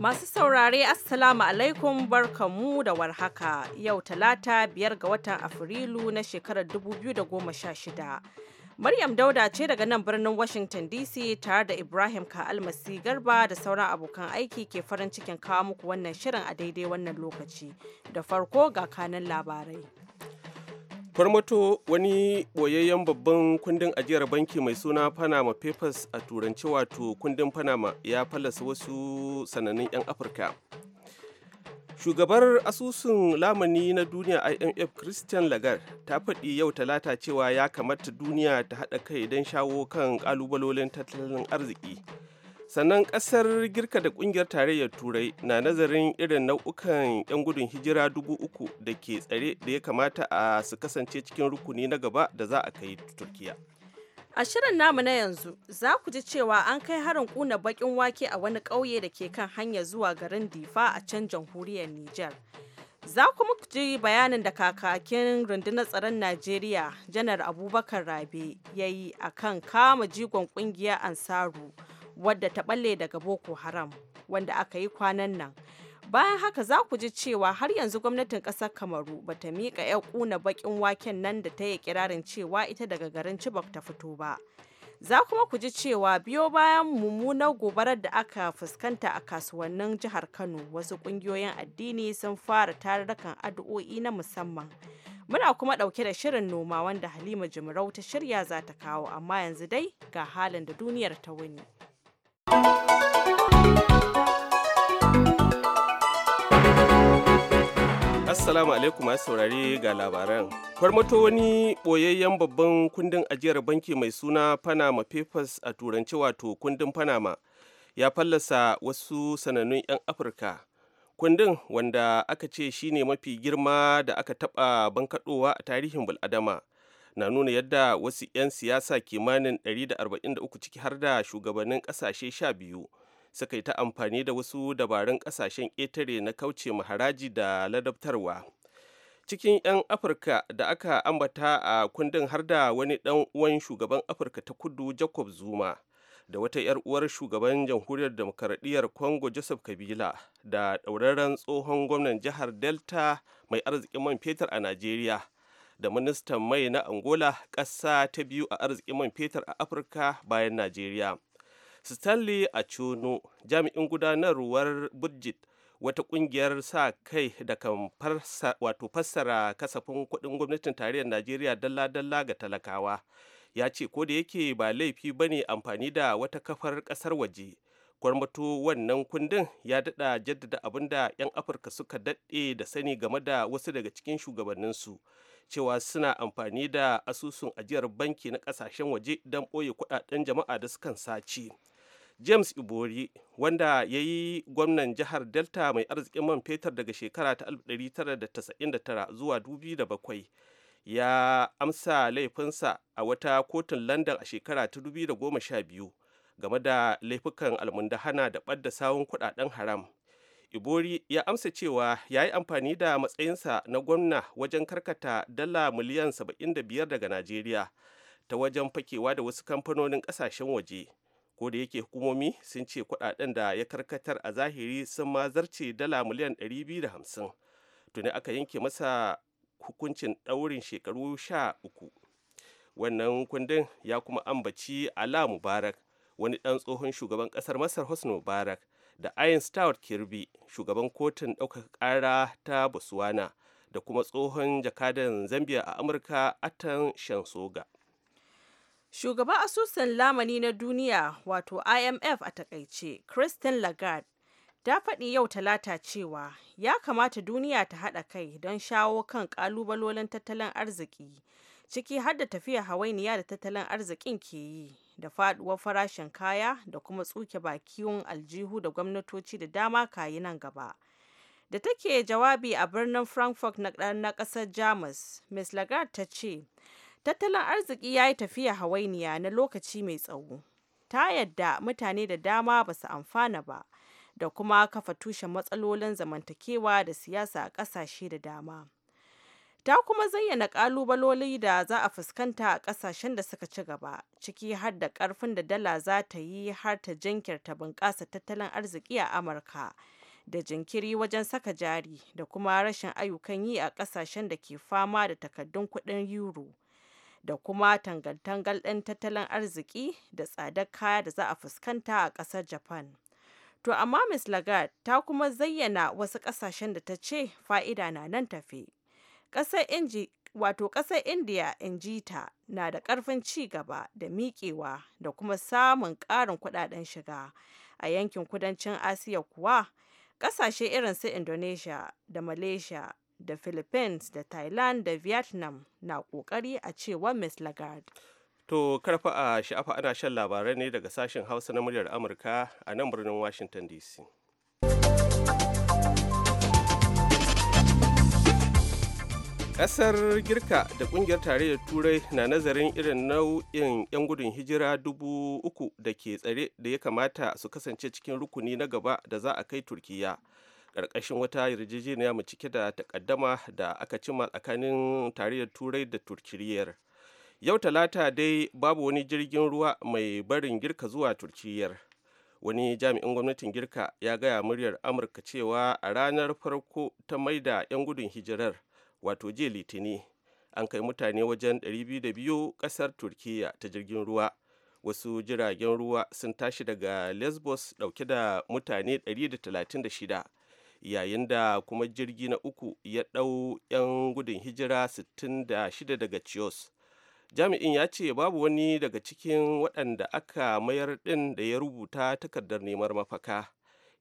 Masu saurare Assalamu alaikum mu da warhaka yau talata biyar ga watan Afrilu na shekarar 2016. Maryam Dauda ce daga nan birnin Washington DC tare da Ibrahim Ka'almasi Garba da sauran abokan aiki ke farin cikin kawo muku wannan shirin a daidai wannan lokaci. Da farko ga kanan labarai. Kwarmato wani boyayyen babban kundin ajiyar banki mai suna Panama Papers a turanci wato kundin Panama ya fallasa wasu sanannun 'yan Afirka. Shugabar asusun lamani na duniya IMF Christian Lagarde ta faɗi yau talata cewa ya kamata duniya ta haɗa kai don shawo kan ƙalubalolin tattalin arziki. sannan kasar girka da kungiyar tarayyar turai na nazarin irin nau'ukan 'yan gudun hijira dubu uku da ke tsare da ya kamata a su kasance cikin rukuni na gaba da za a kai turkiya a shirin namu na yanzu za ku ji cewa an kai harin kuna bakin wake a wani ƙauye da ke kan hanya zuwa garin difa a can jamhuriyar niger za kuma ku ji bayanin da kakakin rundunar tsaron najeriya janar abubakar rabe ya yi a kan kama jigon kungiyar ansaru wadda ta balle daga Boko Haram wanda aka yi kwanan nan. Bayan haka za ku ji cewa har yanzu gwamnatin ƙasar Kamaru ba ta miƙa 'yan ƙuna baƙin waken nan da ta yi kirarin cewa ita daga garin Chibok ta fito ba. Za kuma ku ji cewa biyo bayan mummunar gobarar da aka fuskanta a kasuwannin jihar Kano wasu ƙungiyoyin addini sun fara tarurrukan addu'o'i na musamman. Muna kuma ɗauke da shirin noma wanda Halima Jimarau ta shirya za ta kawo amma yanzu dai ga halin da duniyar ta wuni. Assalamu alaikum masu saurari ga labaran. Kwarmato wani boyayyen babban kundin ajiyar banki mai suna Panama Papers a Turanci wato kundin Panama ya fallasa wasu sanannun 'yan Afirka. Kundin wanda aka ce shine mafi girma da aka taɓa bankaɗowa a tarihin bul'adama. na nuna yadda wasu 'yan siyasa kimanin 143 ciki har da shugabannin ƙasashe 12 suka yi ta amfani da wasu dabarun ƙasashen ƙetare na kauce haraji da ladabtarwa cikin 'yan afirka da aka ambata a kundin har da wani ɗan uwan shugaban afirka ta kudu jacob zuma da wata 'yar uwar shugaban jamhuriyar demokaradiyyar congo joseph kabila da ɗauraren tsohon gwamnan jihar delta mai arzikin man fetur a najeriya da ministan mai na angola ƙasa ta biyu a arzikin man fetur a afirka bayan najeriya stanley achono jami'in gudanarwar budget wata kungiyar sa kai da kan wato fassara kasafin kuɗin gwamnatin tarayyar najeriya dalla-dalla ga talakawa ya ce ko da yake ba laifi ba ne amfani da wata kafar ƙasar waje gwarmato wannan kundin ya daɗa jaddada abin 'yan afirka suka daɗe da sani game da wasu daga cikin shugabanninsu cewa suna amfani da asusun ajiyar banki na kasashen waje don ɓoye kudaden jama'a da sukan saci james ibori wanda ya yi gwamnan jihar delta mai arzikin man fetur daga shekara ta 1999 zuwa 2007 ya amsa laifinsa a wata kotun london a shekara ta 2012 game da laifukan almundahana da ɓadda sawun kudaden haram ibori ya amsa cewa ya yi amfani da matsayinsa na gwamna wajen karkata dala miliyan 75 daga najeriya ta wajen fakewa da wasu kamfanonin kasashen waje ko da yake hukumomi sun ce kudaden da ya karkatar a zahiri sun ma zarce dala miliyan 250 tuni aka yanke masa hukuncin ɗaurin shekaru sha uku wannan kundin ya kuma ambaci ala mubarak wani ɗan tsohon shugaban ƙasar masar hosni mubarak da Ian Stout Kirby, shugaban kotun ɗaukaka ƙara ta Botswana da kuma tsohon jakadan Zambia a Amurka a Atan Shansoga. Shugaban asusun lamani na duniya wato IMF a takaice, Christine Lagarde, ta faɗi yau talata cewa ya kamata duniya ta haɗa kai don shawo kan ƙalubalolin tattalin arziki ciki har da tafiya hawainiya da tattalin arzikin ke yi da faduwar farashin kaya da kuma tsuke bakiyun aljihu da gwamnatoci da dama kayi nan gaba. Da take jawabi a birnin Frankfurt na ɗan ƙasar Jamus, Ms. Lagarde ta ce, tattalin arziki ya yi tafiya hawainiya na lokaci mai tsawo. Ta yadda mutane da dama ba su amfana ba, da kuma kafa tushen matsalolin zamantakewa da siyasa a ƙasashe da dama. ta kuma zayyana kalubaloli da za a fuskanta a kasashen da suka ci gaba ciki har da karfin da dala za ta yi har ta jinkirta bunƙasa tattalin arziki a amurka da jinkiri wajen saka jari da kuma rashin ayyukan yi a kasashen da ke fama da takaddun kuɗin euro da kuma tangantangal tangal tattalin arziki da tsadar kaya da za a fuskanta a ƙasar japan to amma ms lagarde ta kuma zayyana wasu ƙasashen da ta ce fa'ida na nan tafe Ƙasar Inji wato ƙasar Indiya in na da ƙarfin ci gaba da miƙewa da kuma samun ƙarin kuɗaɗen shiga a yankin kudancin Asiya kuwa ƙasashe irin su Indonesia da Malaysia da Philippines da Thailand da Vietnam na ƙoƙari a cewa Miss Lagarde. To karfa a sha'afa ana shan labarai ne daga sashen Hausa na muryar Amurka a nan birnin Washington DC. Ƙasar Girka da ƙungiyar tarayyar Turai na nazarin irin nau'in 'yan gudun hijira dubu uku da ke tsare da ya kamata su kasance cikin rukuni na gaba da za a kai Turkiyya. Ƙarƙashin wata yarjejeniya mu cike da takaddama da aka cima tsakanin tarayyar Turai da Turkiyyar. Yau Talata dai babu wani jirgin ruwa mai barin Girka zuwa Turkiyyar. wani jami'in gwamnatin girka ya gaya muryar amurka cewa a ranar farko ta maida 'yan gudun hijirar wato jiya litini an kai mutane wajen 202 kasar turkiya ta jirgin ruwa wasu jiragen ruwa sun tashi daga lesbos dauke da mutane 136 yayin da kuma jirgi na uku ya dau 'yan gudun hijira 66 daga chios jami'in ya ce babu wani daga cikin waɗanda aka mayar ɗin da ya rubuta takardar neman mafaka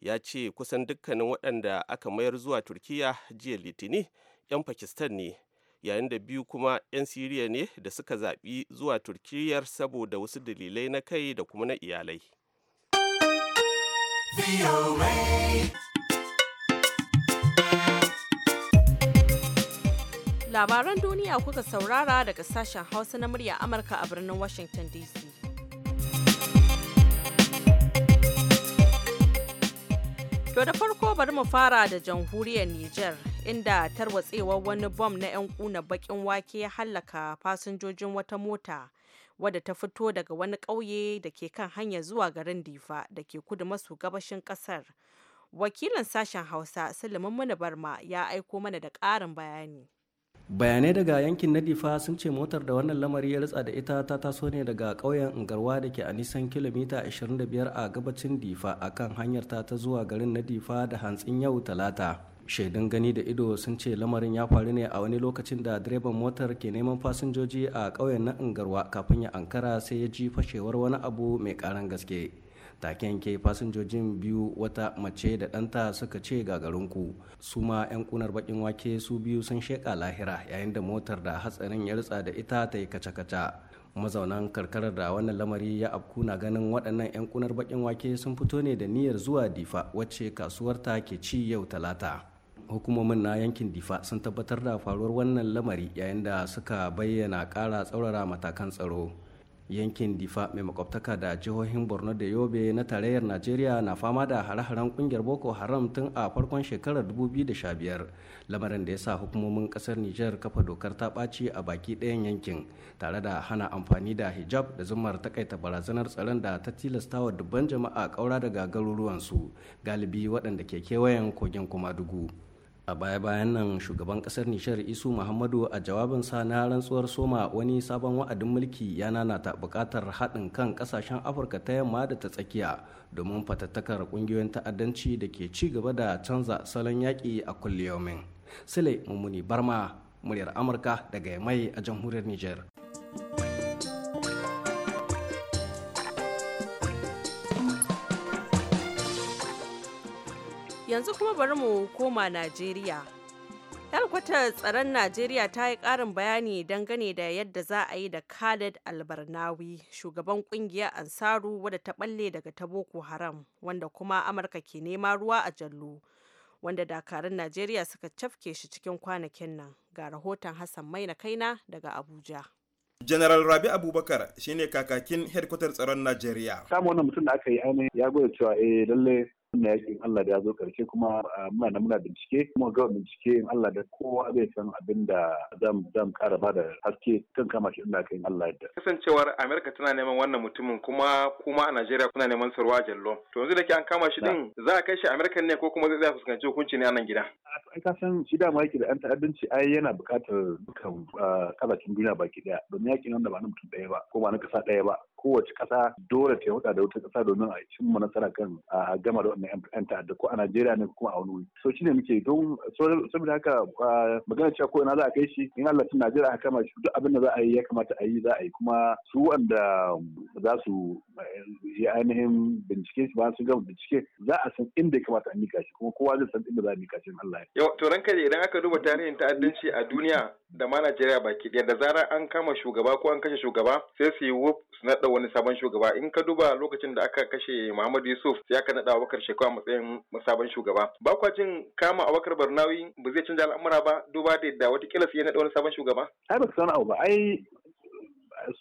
ya ce kusan dukkanin waɗanda aka mayar zuwa turkiya jiya litini 'yan pakistan ne yayin da biyu kuma 'yan siriya ne da suka zaɓi zuwa turkiyar saboda wasu dalilai na kai da kuma na iyalai labaran duniya kuka saurara daga sashen hausa na murya amurka a birnin washington dc to da farko bari mu fara da jamhuriyar niger inda tarwatsewar wani bom na 'yan kuna bakin wake ya hallaka fasinjojin wata mota wadda ta fito daga wani ƙauye da ke kan hanya zuwa garin difa da ke kudu maso gabashin ƙasar wakilin sashen hausa sulaiman mana barma ya aiko mana da ƙarin bayani bayanai daga yankin na difa sun ce motar da wannan lamari ya ritsa da ita ta taso ne daga ƙauyen ungarwa da ke a nisan kilomita 25 a gabacin difa akan hanyar ta ta zuwa garin na difa da hantsin yau talata shaidun gani da ido sun ce lamarin ya faru ne a wani lokacin da direban motar ke neman fasinjoji a ƙauyen na ungarwa kafin ya ankara sai ya ji fashewar wani abu mai karan gaske taken ke fasinjojin biyu wata mace da ɗanta suka ce gagarinku su ma 'yan kunar bakin wake su biyu sun sheƙa lahira yayin da motar da hatsarin ya rutsa da ita ta yi kaca-kaca mazaunan karkarar da wannan lamari ya afku na ganin waɗannan 'yan kunar bakin wake sun fito ne da niyyar zuwa difa wacce kasuwar ta ke ci yau talata hukumomin na yankin difa sun tabbatar da faruwar wannan lamari yayin da suka bayyana kara tsaurara matakan tsaro yankin difa mai makwabtaka da jihohin borno da yobe na tarayyar najeriya na fama da hare-haren kungiyar boko haram tun a farkon shekarar 2015 lamarin da ya sa hukumomin kasar Nijar kafa dokar ta ɓaci a baki ɗayan yankin tare da hana amfani da hijab da zumar takaita barazanar tsaron da ta tilasta wa dubban jama'a ƙaura daga garuruwansu galibi waɗanda ke kewayen kogin kuma dugu a baya-bayan nan shugaban kasar nishar isu muhammadu a jawabinsa na rantsuwar soma wani sabon wa'adin mulki ya nanata bukatar haɗin kan ƙasashen afirka ta yamma da ta tsakiya domin fatattakar ƙungiyoyin ta'addanci da ke ci gaba da canza salon yaƙi a kulliyomin sule mummuni barma muryar amurka daga mai a jamhuriyar niger yanzu kuma bari mu koma najeriya Yalkwata tsaron najeriya ta yi ƙarin bayani dangane da yadda za a yi da khaled albarnawi shugaban ƙungiyar ansaru wadda ta ɓalle daga ta boko haram wanda kuma amurka ke nema ruwa a jallo wanda dakarun najeriya suka cafke shi cikin kwanakin nan ga rahoton hassan mai na kaina daga abuja General Rabi Abubakar shine kakakin hedkwatar tsaron Najeriya. Samu wannan mutum da aka yi ainihin ya gwada cewa eh lalle wannan yakin Allah da ya zo karshe kuma ah, muna da muna bincike kuma ga bincike in Allah da kowa zai san abin da zam kara ba da haske kan kama shi ina kai Allah yadda kasancewar Amerika tana neman wannan mutumin kuma kuma a Najeriya kuna neman sarwa jallo to yanzu da ke an kama shi din za a kai shi Amerika ne ko kuma zai fuskanci hukunci ne a nan gida ah, ai ka san shi dama yake da an ta'addanci ai yana buƙatar dukkan kasashen ah, duniya baki ɗaya domin yakin wanda ba na mutum ɗaya ba ko ba na kasa ɗaya ba kowace ƙasa dole ta huɗa da wata ƙasa domin a cimma nasara kan a gama da wannan 'yan ta'adda ko a Najeriya ne kuma a wani wuri. So shi ne muke don saboda haka magana cewa ko ina za a kai shi in Allah tun Najeriya aka kama shi duk abin da za a yi ya kamata a yi za a yi kuma su wanda za su yi ainihin bincike shi ba su gama bincike za a san inda ya kamata a mika shi kuma kowa zai san inda za a mika shi in Allah ya. Yau to ranka idan aka duba tarihin ta'addanci a duniya da ma Najeriya baki ɗaya da zarar an kama shugaba ko an kashe shugaba sai su yi wuf su naɗa naɗa wani sabon shugaba in ka duba lokacin da aka kashe Muhammadu Yusuf sai aka naɗa Abubakar Shekau a matsayin sabon shugaba ba kwa jin kama Abubakar Barnawi ba zai canja al'amura ba duba da yadda watakila sai ya naɗa wani sabon shugaba ai ba su abu ba ai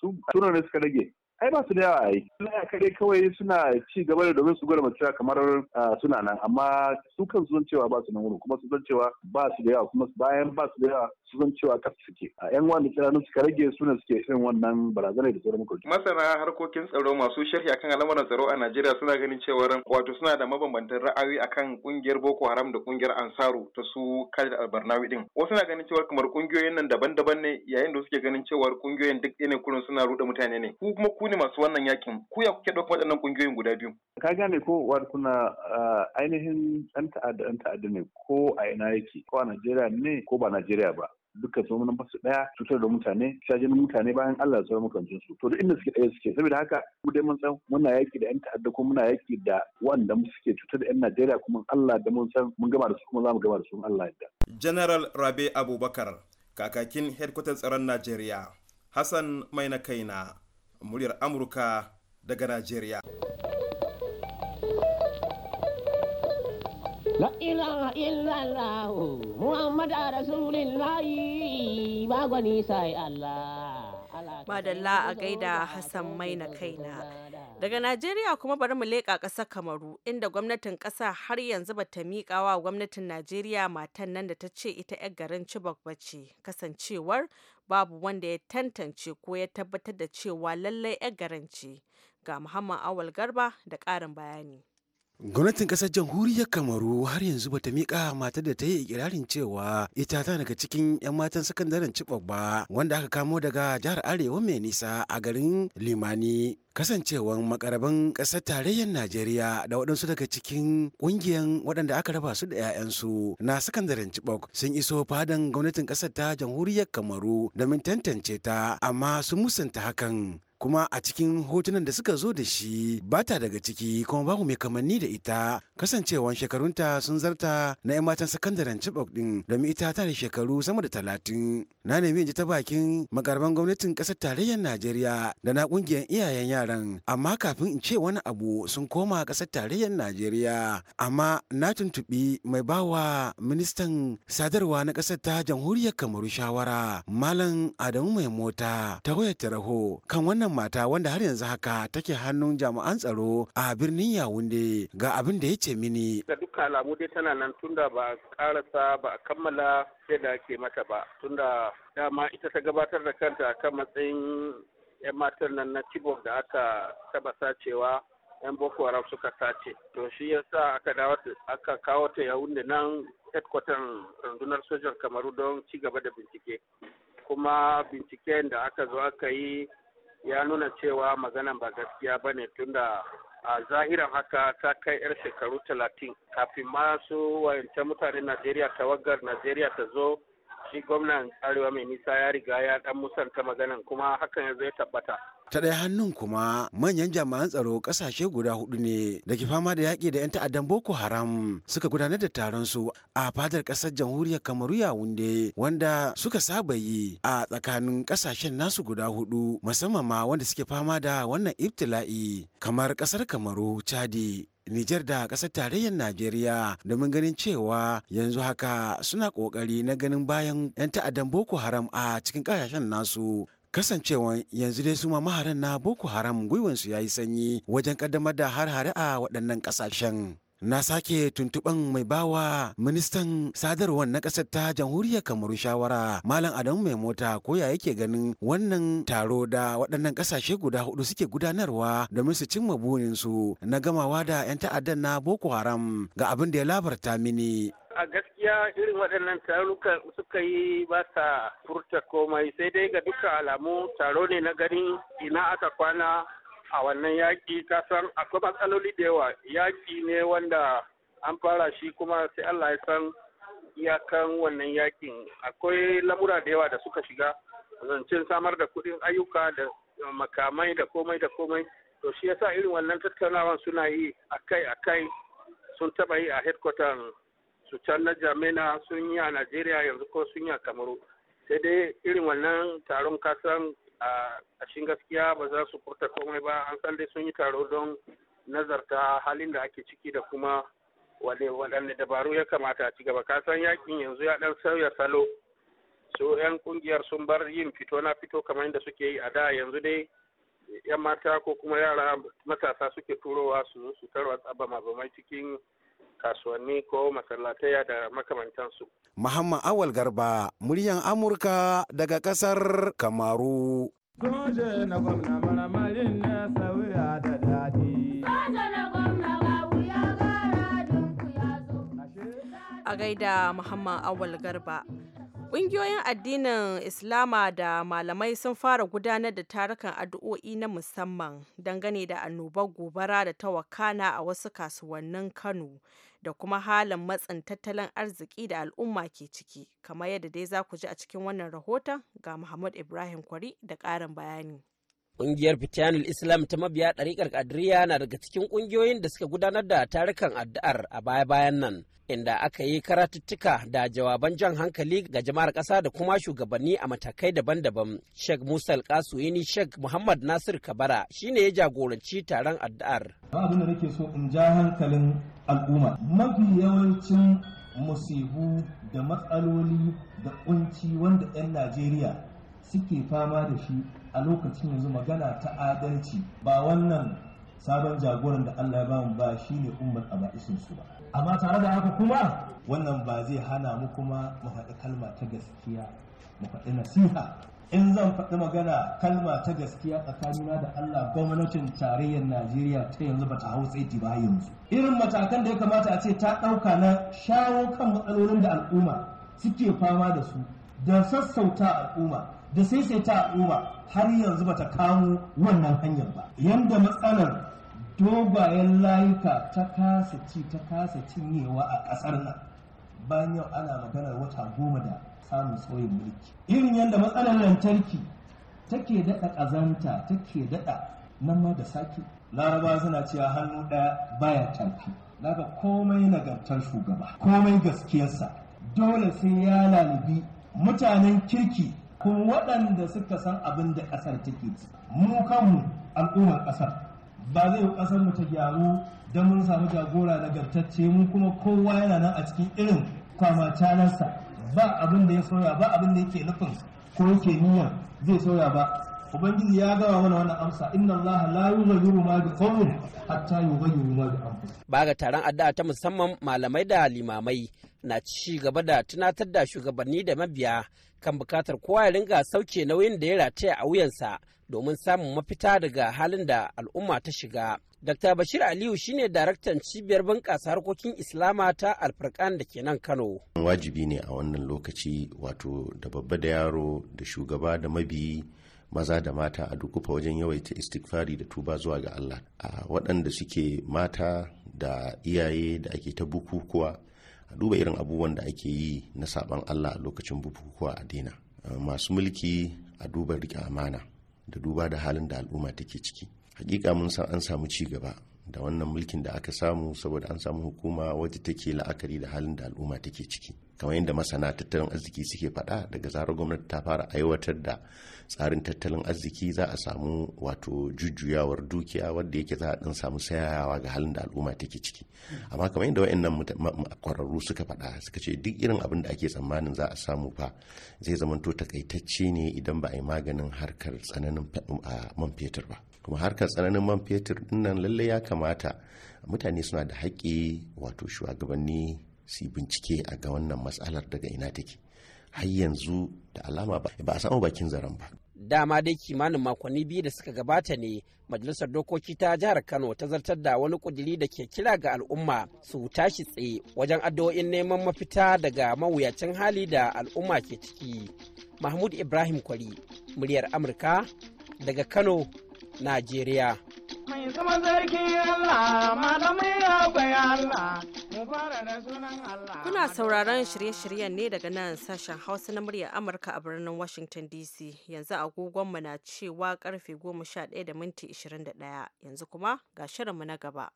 su tunan ne suka rage ai ba su da yawa ai ya kare kawai suna ci gaba da domin su gwada mace kamar suna nan amma su kan sun cewa ba su nan wuri kuma su san cewa ba su da yawa kuma bayan ba su da yawa sun cewa kaf suke a yan wanda kiranin suka rage suna suke irin wannan barazanar da sauran mukulci. masana harkokin tsaro masu sharhi akan al'amuran tsaro a najeriya suna ganin cewa wato suna da mabambantan ra'ayi akan kungiyar boko haram da kungiyar ansaru ta su khalid albarnawi din wasu na ganin cewa kamar kungiyoyin nan daban-daban ne yayin da suke ganin cewa kungiyoyin duk ne kurin suna ruɗe mutane ne ku kuma ku ne masu wannan yakin ku ya kuke ɗauka waɗannan kungiyoyin guda biyu. ka gane ko wa kuna ah, ainihin ɗan ta'adda ɗan ta'adda ne ko a ina yake ko a najeriya ne ko ba najeriya ba duka su mun fasu daya cutar da mutane shajin mutane bayan Allah sauran mukancin su to duk inda suke daya suke saboda haka mu dai mun san muna yaki da yan ta'adda kuma muna yaki da wanda mu suke cutar da yan Najeriya kuma Allah da mun san mun gama da su kuma za mu gama da su Allah yadda General Rabi Abubakar kakakin headquarters tsaron Najeriya Hassan Maina Kaina muryar Amurka daga Najeriya La ilaha illallah Muhammad Rasulullah ba gwani sai Allah. Madalla a gaida Hassan Maina kaina. Daga Najeriya kuma bari mu leƙa ƙasar Kamaru inda gwamnatin ƙasa har yanzu ba ta miƙa wa gwamnatin Najeriya matan nan da ta ce ita 'yar garin Chibok ba ce kasancewar babu wanda ya tantance ko ya tabbatar da cewa lallai 'yar garin ce. Ga Muhammad Awal Garba da ƙarin bayani. Gwamnatin ƙasar jamhuriyar Kamaru har yanzu bata miƙa matar da ta yi ikirarin cewa ita ta daga cikin 'yan matan sakandaren Chibok ba wanda aka kamo daga jihar Arewa mai nisa a garin Limani. kasancewan makaraban ƙasar tarayyar najeriya da waɗansu daga cikin ƙungiyan waɗanda aka raba su da 'ya'yansu na sakandaren cibok sun iso fadan gwamnatin ƙasar ta jamhuriyar kamaru domin tantance ta amma sun musanta hakan kuma a cikin hotunan da suka zo da shi ba ta daga ciki kuma babu mai kamanni da ita kasancewan shekarunta sun zarta na 'yan matan sakandaren chibok din domin ita ta da shekaru sama da talatin na nemi ji ta bakin magarban gwamnatin ƙasar tarayyar najeriya da na ƙungiyar iyayen yaran amma kafin in ce wani abu sun koma ƙasar tarayyar najeriya amma na tuntubi mai bawa ministan sadarwa na ƙasar ta jamhuriyar kamaru shawara malam adamu mai mota ta wayar taraho kan wannan wannan mata wanda har yanzu haka take hannun jami'an tsaro a birnin Yawunde ga abin da ya ce mini. Da duka alamu dai tana nan tunda ba a karasa ba a kammala yadda ake mata ba tunda dama ita ta gabatar da kanta kan matsayin 'yan matan nan na Chibok da aka taba sacewa 'yan Boko Haram suka sace. To shi yasa aka dawo aka kawo ta Yawunde nan headquarter rundunar sojan Kamaru don ci gaba da bincike. Kuma binciken da aka zo aka yi ya nuna cewa maganan ba gaskiya ba ne tunda a zahiran haka ta kai 'yar shekaru talatin kafin masu mutanen najeriya tawagar najeriya ta zo shi gwamnan arewa mai nisa ya riga ya dan musanta maganan kuma hakan ya zai tabbata ta ɗaya hannun kuma manyan jami'an tsaro ƙasashe guda hudu ne da ke fama da yaƙi da 'yan ta'addan boko haram suka gudanar da taron su a fadar ƙasar jamhuriyar kamaru yawunde wanda suka saba yi a tsakanin ƙasashen nasu guda hudu musamman ma wanda suke fama da wannan ibtila'i kamar ƙasar kamaru chadi Nijar da ƙasar tarayyar Najeriya domin ganin cewa yanzu haka suna ƙoƙari na ganin bayan 'yan ta'addan Boko Haram a cikin ƙasashen nasu Kasancewa, yanzu dai su ma maharan na boko haram gwiwansu ya yi sanyi wajen kaddamar da har-hare a waɗannan ƙasashen na sake tuntuban mai bawa ministan sadarwar na ƙasar ta jamhuriyar kamaru shawara malam adamu mai mota ko ya yake ganin wannan taro da waɗannan ƙasashe guda hudu suke gudanarwa domin su cimma burinsu na gamawa da 'yan ta'addan na boko haram ga abin da ya labarta mini a gaskiya irin waɗannan taruka suka yi ba sa furta komai sai dai ga duka alamu taro ne na gani ina aka kwana a wannan yaƙi kasan akwai matsaloli da yawa yaƙi ne wanda an fara shi kuma sai Allah ya san iyakan wannan yaƙin akwai lamura da yawa da suka shiga zancen samar da kuɗin ayyuka da makamai da komai da komai to shi yasa irin wannan tattaunawan suna yi akai akai sun taɓa yi a headquarter su can na jamina sun yi a najeriya yanzu ko sun yi a kamaru sai dai irin wannan taron kasan a shin gaskiya ba za su furta komai ba an san dai sun yi taro don nazarta halin da ake ciki da kuma wadanne dabaru ya kamata a cigaba kasan yakin yanzu ya ɗan sauya salo so 'yan kungiyar sun bar yin fito na fito kamar yadda suke yi a da yanzu dai 'yan mata ko kuma yara matasa suke turowa su su tarwatsa ba tsabama cikin kasuwanni ko masallatai da makamantansu. Muhammad Awal Garba, muryan Amurka daga ƙasar Kamaru. Goje na gwamna maramarin na sauya da daɗi. A gaida Muhammad Awal Garba. Ƙungiyoyin addinin Islama da malamai sun fara gudanar da tarukan addu'o'i na musamman dangane da annobar gobara da ta wakana a wasu kasuwannin Kano. da kuma halin matsin tattalin arziki da al'umma ke ciki kamar yadda dai za ku ji a cikin wannan rahoton ga Muhammad Ibrahim Kwari da ƙarin bayani. Ƙungiyar Fitiyanul Islam ta mabiya ɗariƙar Kadiriya na daga cikin ƙungiyoyin da suka gudanar da tarukan addu'ar a baya-bayan nan, inda aka yi karatuttuka da jawaban jan hankali ga jama'ar ƙasa da kuma shugabanni a matakai daban-daban. Sheikh Musa yini Sheikh Muhammad Nasir Kabara shine ya jagoranci taron addu'ar. Abin da nake so in ja hankalin al'umma. Mafi yawancin musibu da matsaloli da ƙunci wanda 'yan Najeriya suke fama da shi a lokacin yanzu magana ta adalci ba wannan sabon jagoran da Allah ya ba mu ba ne ummar aba'isin su ba amma tare da haka kuma wannan ba zai hana mu kuma mu faɗi kalma ta gaskiya mu faɗi nasiha in zan faɗi magana kalma ta gaskiya tsakanina da Allah gwamnatin tarayyar Najeriya ta yanzu ba ta hau tsaiti ba yanzu irin matakan da ya kamata a ce ta ɗauka na shawo kan matsalolin da al'umma suke fama da su da sassauta al'umma da sai sai ta al'umma har yanzu bata kamo wannan hanyar ba yanda matsalar dogayen layuka ta kasa ci ta kasa cinyewa a ƙasar nan bayan yau ana maganar wata goma da samun sauyin mulki irin yadda matsalar lantarki take daɗa ƙazanta take daɗa nan ma da sake laraba suna cewa hannu ɗaya baya tafi daga komai nagartar shugaba komai gaskiyarsa dole sai ya lalubi mutanen kirki ku waɗanda suka san abin da ƙasar take mu kanmu al'ummar ƙasar ba zai yi ƙasar mu ta gyaru don mun samu jagora nagartacce mu kuma kowa yana nan a cikin irin canarsa ba abin da ya soya ba abin da yake nufin ko yake niyyar zai soya ba ubangiji ya gawa mana wannan amsa inna allaha la yughayyiru ma bi qawmin hatta yughayyiru ma bi anfusihim ba ga taron addu'a ta musamman malamai da limamai na ci gaba da tunatar da shugabanni da mabiya kan bukatar kowa ya ringa sauke nauyin da ya rataya a wuyansa domin samun mafita daga halin da al'umma ta shiga. Dr. Bashir Aliyu shine daraktan cibiyar bunƙasa harkokin Islama ta Alfurkan da ke nan Kano. Wajibi ne a wannan lokaci wato da babba da yaro da shugaba da mabiyi maza da mata a duk kufa wajen yawaita istikfari da tuba zuwa ga Allah a waɗanda suke mata da iyaye da ake ta bukukuwa a duba irin abubuwan da ake yi na saban Allah a lokacin bukukuwa a dina. masu mulki a duba rike amana da duba da halin da al'umma take ciki hakika mun san an samu ci gaba da wannan mulkin da aka samu saboda an samu hukuma wacce take la'akari da halin da al'umma take ciki kamar yadda masana tattalin arziki suke faɗa daga zarar gwamnati ta fara aiwatar da tsarin tattalin arziki za a samu wato jujjuyawar dukiya wadda yake za a ɗan samu sayawa ga halin da al'umma take ciki amma kamar yadda wa'annan kwararru suka faɗa suka ce duk irin abin da ake tsammanin za a samu fa zai zamanto takaitacce ne idan ba a yi maganin harkar tsananin man fetur ba kuma harkar tsananin man fetur dinnan lalle ya kamata mutane suna da haƙƙi wato shugabanni su bincike a ga wannan matsalar daga ina take har yanzu da alama ba a samu bakin zaren ba dama dai kimanin makonni biyu da suka gabata ne majalisar dokoki ta jihar kano ta zartar da wani kudiri da ke kira ga al'umma su tashi tsaye wajen addu'o'in neman mafita daga mawuyacin hali da al'umma ke ciki mahmud ibrahim kwari muryar amurka daga kano Najeriya. Kuna sauraron shirye-shiryen ne daga nan sashen Hausa na muryar Amurka a birnin Washington DC. Yanzu agogonmu na cewa karfe 11:21 Yanzu kuma ga shirinmu na gaba.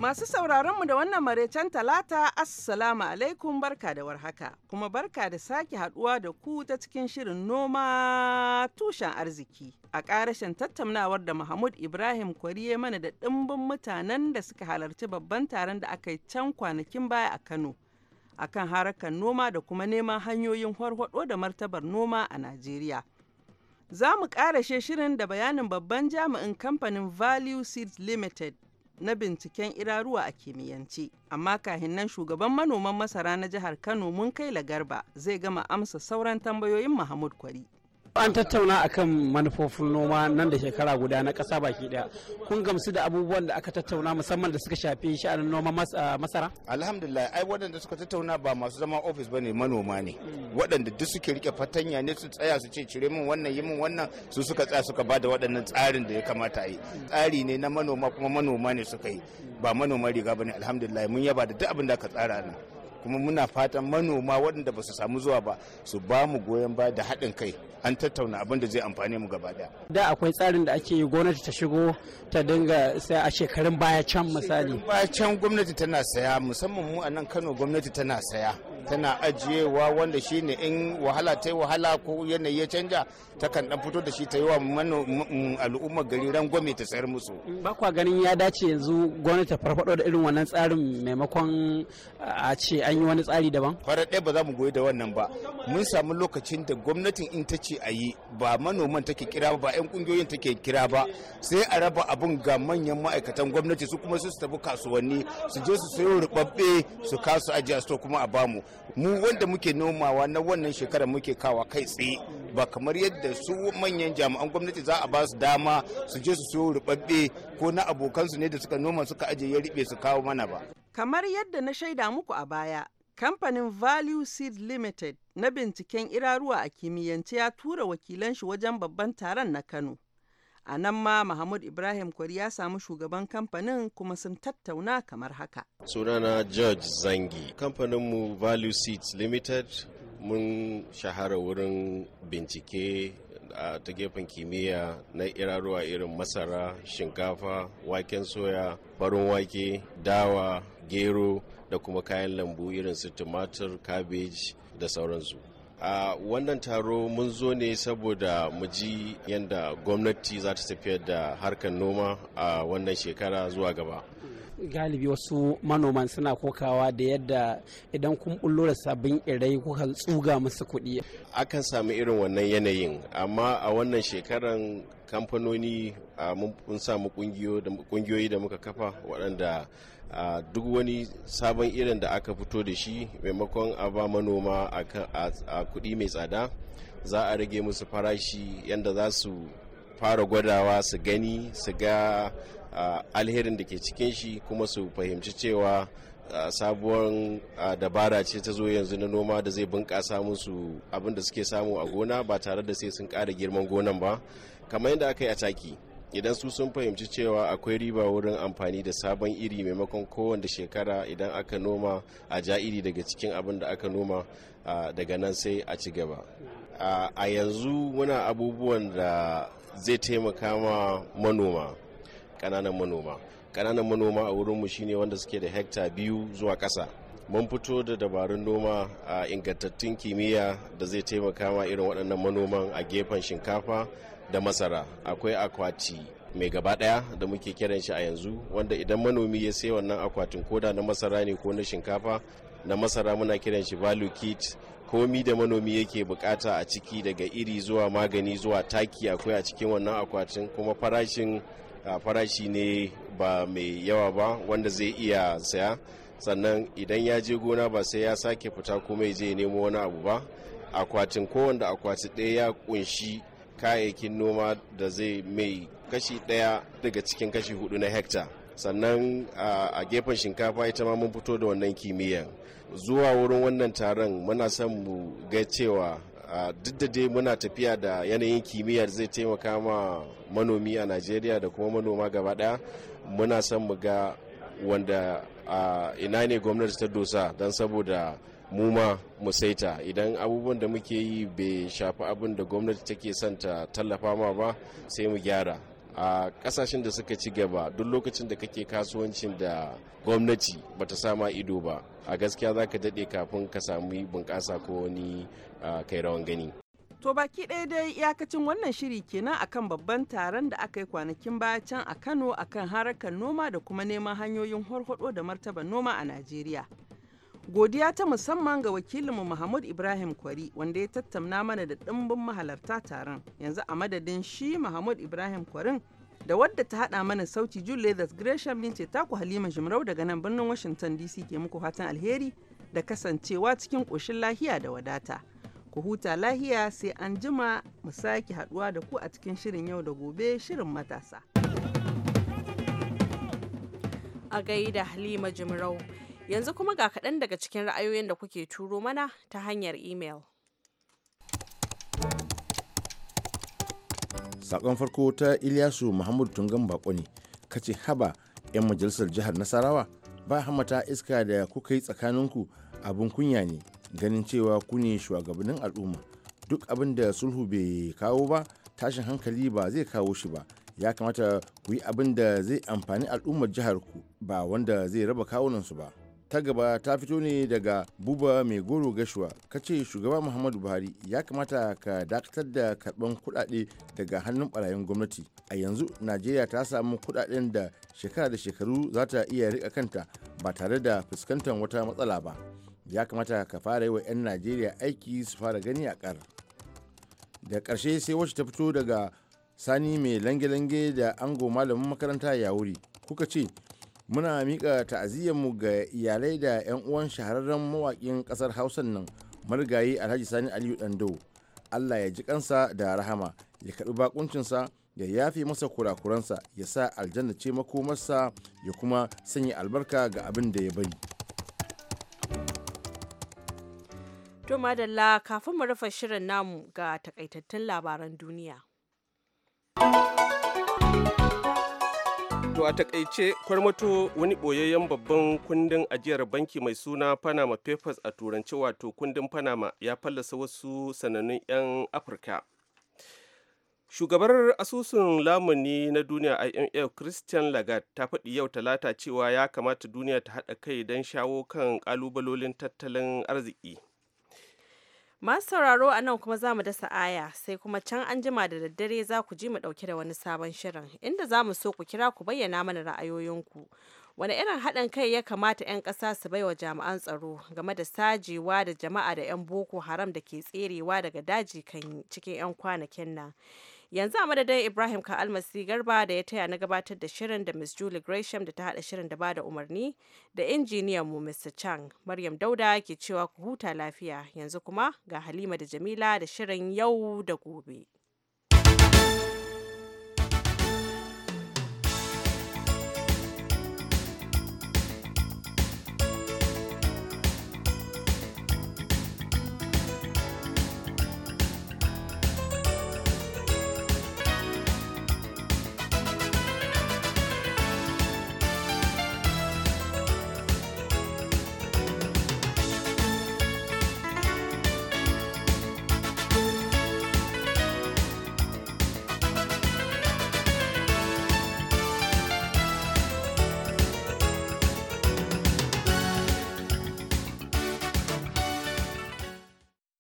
Masu sauraronmu da wannan maraicen talata Assalamu alaikum barka da warhaka kuma barka da sake haduwa da ku ta cikin shirin noma tushen arziki a karashin tattaunawar da Mahmud Ibrahim kwariye mana da ɗimbin mutanen da suka halarci babban taron da aka yi can kwanakin baya a Kano akan harakan noma da kuma neman hanyoyin harhaɗo da martabar noma a Najeriya. Za mu karashe shirin da bayanin babban jami'in kamfanin Value Seeds Limited na binciken iraruwa a kimiyyance amma kahin nan shugaban manoman masara na jihar kano mun kai la garba zai gama amsa sauran tambayoyin mahmud kwari an tattauna akan manufofin noma nan da shekara guda na ƙasa baki daya kun gamsu da abubuwan da aka tattauna musamman da suka shafi sha'anin noma ah, masara alhamdulillah ai waɗanda suka tattauna ba masu zama ofis ba ne manoma ne hmm. waɗanda duk suke rike fatanya ne su tsaya su ce cire min wannan yi min wannan su suka tsaya suka bada waɗannan tsarin da ya kamata yi hmm. tsari ne na manoma kuma manoma ne suka yi hmm. ba manoma riga bane alhamdulillah mun yaba da duk abin da aka tsara nan kuma muna fatan manoma waɗanda ba su samu zuwa ba su ba mu goyon ba da haɗin kai an tattauna abin da zai amfani mu gaba daya da akwai tsarin da ake gwamnati ta shigo ta dinga sai a shekarun baya can misali baya can gwamnati tana saya musamman mu a nan Kano gwamnati tana saya tana ajiyewa wanda shine in wahala ta yi wahala ko yanayi ya canja ta kan dan fito da shi ta yi wa al'ummar gari ran gwamnati ta sayar musu ba kwa ganin ya dace yanzu gwamnati ta farfado da irin wannan tsarin maimakon a ce an yi wani tsari daban fara ɗaya ba za mu goyi da wannan ba mun samu lokacin da gwamnatin in ta ce ce a yi ba manoman take kira ba ba 'yan kungiyoyin take kira ba sai a raba abun ga manyan ma'aikatan gwamnati su kuma su tafi kasuwanni su je su sayo rubabbe su kasu ajiya su kuma a bamu mu wanda muke nomawa na wannan shekarar muke kawa kai tsaye ba kamar yadda su manyan jami'an gwamnati za a ba su dama su je su sayo rubabbe ko na abokansu ne da suka noma suka ajiye ya riɓe su kawo mana ba kamar yadda na shaida muku a baya Kamfanin Value Seed Limited na binciken iraruwa a kimiyyance ya tura wakilan shi wajen babban taron na Kano. A nan ma Mahmud Ibrahim Kwari ya samu shugaban kamfanin kuma sun tattauna kamar haka. Sunana George Zangi, kamfaninmu Value Seeds Limited mun shahara wurin bincike ta gefen kimiyya na iraruwa irin masara shinkafa waken soya farin wake dawa gero da kuma kayan lambu irin su tumatir cabbage da sauransu a wannan taro mun zo ne saboda mu ji yadda gwamnati za ta tafiyar da harkar noma a wannan shekara zuwa gaba galibi wasu manoman suna kokawa da yadda idan kun bullo da sabbin irai kuka tsuga musu kuɗi akan samu irin wannan yanayin amma a wannan shekaran kamfanoni mun samu kungiyoyi da muka kafa waɗanda a duk wani sabon irin da aka fito da shi maimakon a ba manoma a kuɗi mai tsada za a rage musu farashi yadda za su fara gwadawa su gani su ga alherin da ke cikin shi kuma su fahimci cewa sabuwar dabara ce ta zo yanzu na noma da zai bunƙasa musu abin da suke samu a gona ba tare da sai sun ƙara girman gonan ba kamar yadda aka yi a taki idan su sun fahimci cewa akwai riba wurin amfani da sabon iri maimakon kowanne shekara idan aka noma a ja iri daga cikin abin da aka noma daga nan sai a ci gaba a yanzu muna abubuwan da zai taimaka ma manoma kananan manoma ƙananan manoma a wurinmu shine wanda suke da hekta biyu zuwa ƙasa mun fito da dabarun noma a ingantattun kimiyya da zai taimaka ma irin waɗannan manoman a gefen shinkafa da masara akwai akwati mai gaba ɗaya da muke kiran shi a yanzu wanda idan manomi ya sai wannan akwatin koda na masara ne ko na shinkafa na masara muna kiran shi value kit komi da manomi yake bukata a ciki daga iri zuwa magani zuwa taki akwai a cikin wannan akwatin kuma farashin farashi ne ba mai yawa ba wanda zai iya saya sannan idan ya je gona ba sai ya sake fita kuma ya je nemo wani abu ba akwatin kowanda akwati ɗaya ya kunshi kayayyakin noma da zai mai kashi ɗaya daga cikin kashi hudu na hekta sannan a gefen shinkafa ita ma mun fito da wannan kimiyyar zuwa wurin wannan taron muna son mu ga cewa duk da dai muna tafiya da yanayin kimiyyar zai taimaka ma manomi a najeriya da kuma manoma gaba daya muna son mu ga wanda ina ne gwamnati ta dosa don saboda mu ma mu saita idan abubuwan da muke yi bai shafi abin da gwamnati take son ta tallafa ma ba sai mu gyara a kasashen da suka ci gaba duk lokacin da kake kasuwancin da gwamnati bata sama ido ba a gaskiya za ka daɗe kafin ka sami bunƙasa ko wani kai rawan gani To baki ɗaya dai iyakacin wannan shiri kenan akan babban taron da aka yi kwanakin baya can a Kano akan harkar noma da kuma neman hanyoyin horhoɗo da martaba noma a Najeriya. Godiya ta musamman ga wakilinmu Mahmud Ibrahim Kwari wanda ya tattauna mana da ɗimbin mahalarta taron. Yanzu a madadin shi Mahmud Ibrahim Kwarin da wadda ta haɗa mana sauti Julie Leathers Gresham ne ce taku Halima Jimrau daga nan birnin Washington DC ke muku fatan alheri da kasancewa cikin ƙoshin lahiya da wadata. Ku huta lahiya sai an jima mu sake haɗuwa da ku a cikin shirin yau da gobe shirin matasa. A gaida Halima Jimrau. Yanzu kuma ga kaɗan daga cikin ra'ayoyin da kuke turo mana ta hanyar imel. Sakon farko ta Ilyasu Muhammadu Tungan Bako ne, kace haba 'yan majalisar jihar Nasarawa ba hamata iska da kuka yi tsakaninku abin kunya ne ganin cewa ku ne shugabannin al'umma duk abin da sulhu bai kawo ba tashin hankali ba zai kawo shi ba ya kamata ku yi abin da zai amfani al'ummar jihar ku ba wanda zai raba kawunansu ba ta gaba ta fito ne daga buba mai goro gashuwa ce shugaba muhammadu buhari ya kamata ka dakatar da karban kudade daga hannun barayin gwamnati a yanzu najeriya ta samu kudaden da shekara da shekaru za ta iya rika kanta ba tare da fuskantar wata matsala ba ya kamata ka fara yi wa 'yan najeriya aiki su fara gani a kar da karshe sai wacce ta fito daga sani mai lange-lange da ango malamin makaranta ya wuri kuka ce muna miƙa ta'aziyyarmu ga iyalai da 'yan uwan shahararren mawaƙin ƙasar hausan nan marigayi alhaji sani aliyu dando allah ya ji kansa da rahama ya karɓi bakuncinsa ya yafe masa kurakuransa ya sa aljanna ce makomarsa ya kuma sanya albarka ga abin da ya bari to madalla kafin mu rufe shirin namu ga takaitattun labaran duniya To a takaice kwarmato wani boyayyen babban kundin ajiyar banki mai suna Panama Papers a turance wato kundin Panama ya fallasa wasu sanannun 'yan Afirka. Shugabar asusun lamuni na duniya IMF Christian Lagarde ta faɗi yau talata cewa ya kamata duniya ta haɗa kai don shawo kan ƙalubalolin tattalin arziki. Masu sauraro a nan kuma za mu dasa aya sai kuma can an jima da daddare za ku ji mu ɗauke da wani sabon shirin inda za mu so ku kira ku bayyana mana ra'ayoyinku. Wani irin haɗin kai ya kamata 'yan ƙasa su bai wa jami'an tsaro game da sajewa da jama'a da 'yan boko haram da ke tserewa daga daji kan cikin 'yan kwanakin nan. yanzu a madadin ibrahim ka almasi garba da ya taya na gabatar da shirin da miss julie gresham da ta hada shirin da ba da umarni da injiniyan mu mr chang maryam dauda ke cewa ku huta lafiya yanzu kuma ga halima da jamila da shirin yau da gobe